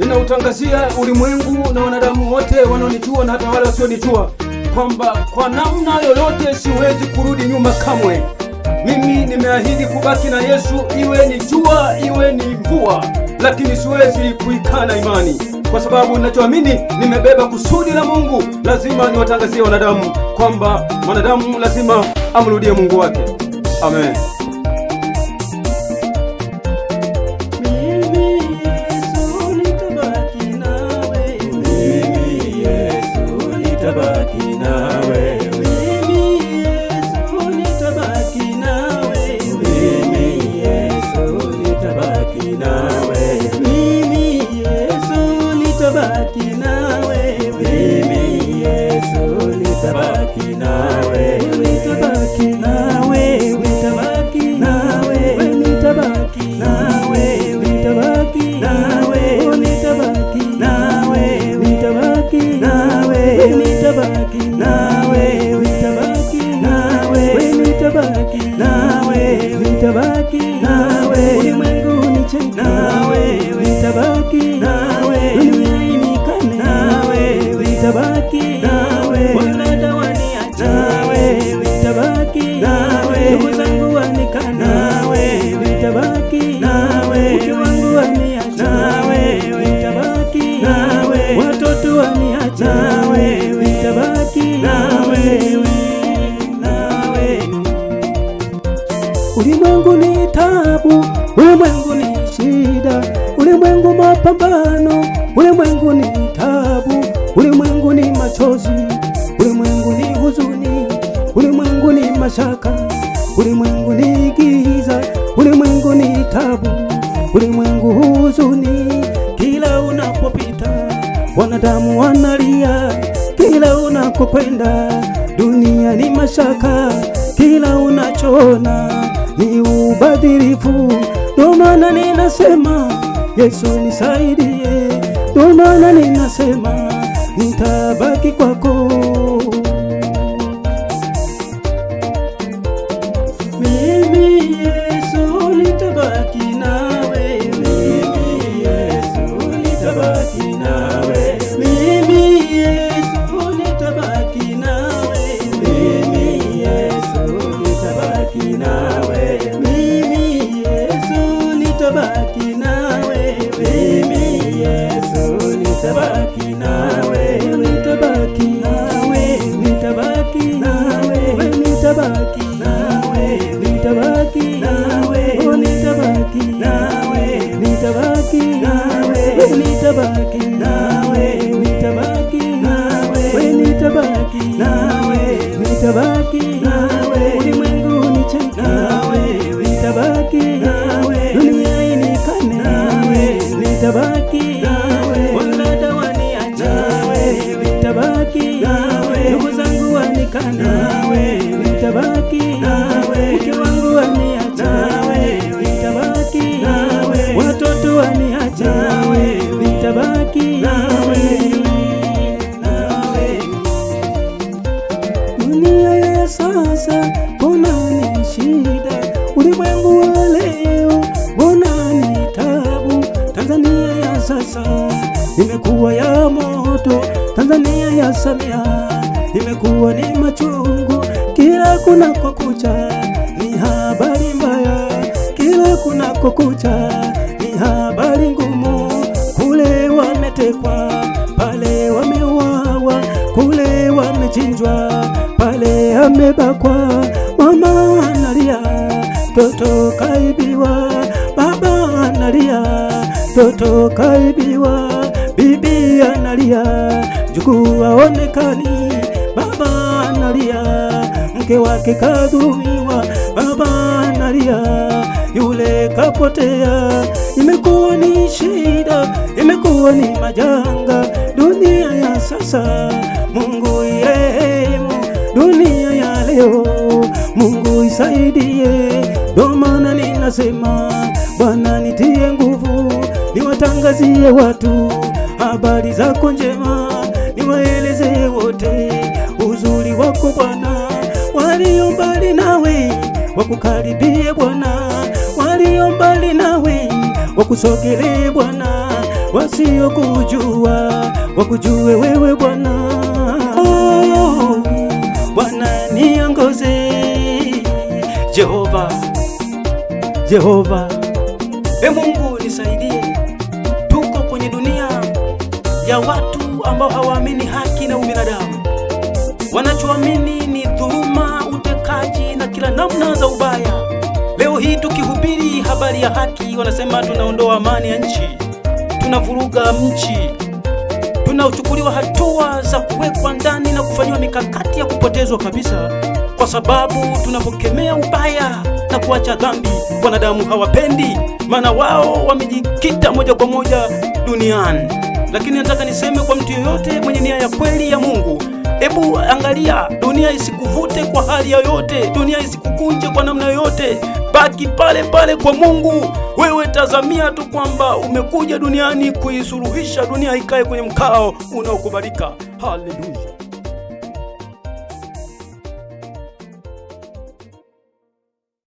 ninautangazia ulimwengu na wanadamu wote wanaonijua na hata wale wasionijua kwamba kwa namna yoyote siwezi kurudi nyuma kamwe. Mimi nimeahidi kubaki na Yesu, iwe ni jua, iwe ni mvua, lakini siwezi kuikana imani, kwa sababu ninachoamini nimebeba kusudi la Mungu. Lazima niwatangazie wanadamu kwamba mwanadamu lazima amrudie Mungu wake. Amen. nitabaki wewe, nitabaki wewe, ulimwengu nicheke nawe, nitabaki wewe, dunia inikane nitabaki nawe, wanada waniache nawe, nitabaki nawe, ndugu zangu wanikane nitabaki nawe, mke wangu waniache nawe, nitabaki watoto Ulimwengu mapambano, ulimwengu ni tabu, ulimwengu ni machozi, ulimwengu ni huzuni, ulimwengu ni mashaka, ulimwengu ni giza, ulimwengu ni tabu, ulimwengu huzuni. Kila unapopita wanadamu wanalia, kila unakokwenda dunia ni mashaka, kila unachoona ni ubadhirifu. domana maana ninasema Yesu nisaidie, ndio maana ninasema No. shida. Ulimwengu wa leo mbona ni tabu? Tanzania ya sasa imekuwa ya moto, Tanzania ya Samia imekuwa ni machungu. Kila kuna kucha ni habari mbaya, kila kuna kucha ni habari ngumu. Kule wametekwa, pale wameuawa, kule wamechinjwa, pale amebakwa Mtoto kaibiwa, baba analia, mtoto kaibiwa, bibi analia, mjukuu aonekani, baba analia, mke wake kadhulumiwa, baba analia, yule kapotea. Imekuwa ni shida, imekuwa ni majanga, dunia ya sasa. Mungu yehemu dunia ya unisaidie, ndo maana ninasema Bwana nitie nguvu, niwatangazie watu habari zako njema, niwaeleze wote uzuri wako Bwana, walio mbali nawe wakukaribie Bwana, walio mbali nawe wakusogelee Bwana, wasiokujua wakujue wewe Bwana. Oh, Bwana niongoze Jehova, e Mungu nisaidie. Tuko kwenye dunia ya watu ambao hawaamini haki na ubinadamu, wanachoamini ni dhuluma, utekaji na kila namna za ubaya. Leo hii tukihubiri habari ya haki, wanasema tunaondoa amani ya nchi, tunavuruga mchi tunachukuliwa hatua za kuwekwa ndani na kufanyiwa mikakati kupotezwa kabisa, kwa sababu tunapokemea ubaya na kuacha dhambi, wanadamu hawapendi, maana wao wamejikita moja kwa moja duniani. Lakini nataka niseme kwa mtu yoyote mwenye nia ya kweli ya Mungu, hebu angalia dunia isikuvute kwa hali yoyote, dunia isikukunje kwa namna yoyote, baki pale pale kwa Mungu. Wewe tazamia tu kwamba umekuja duniani kuisuluhisha dunia ikae kwenye mkao unaokubalika. Haleluya!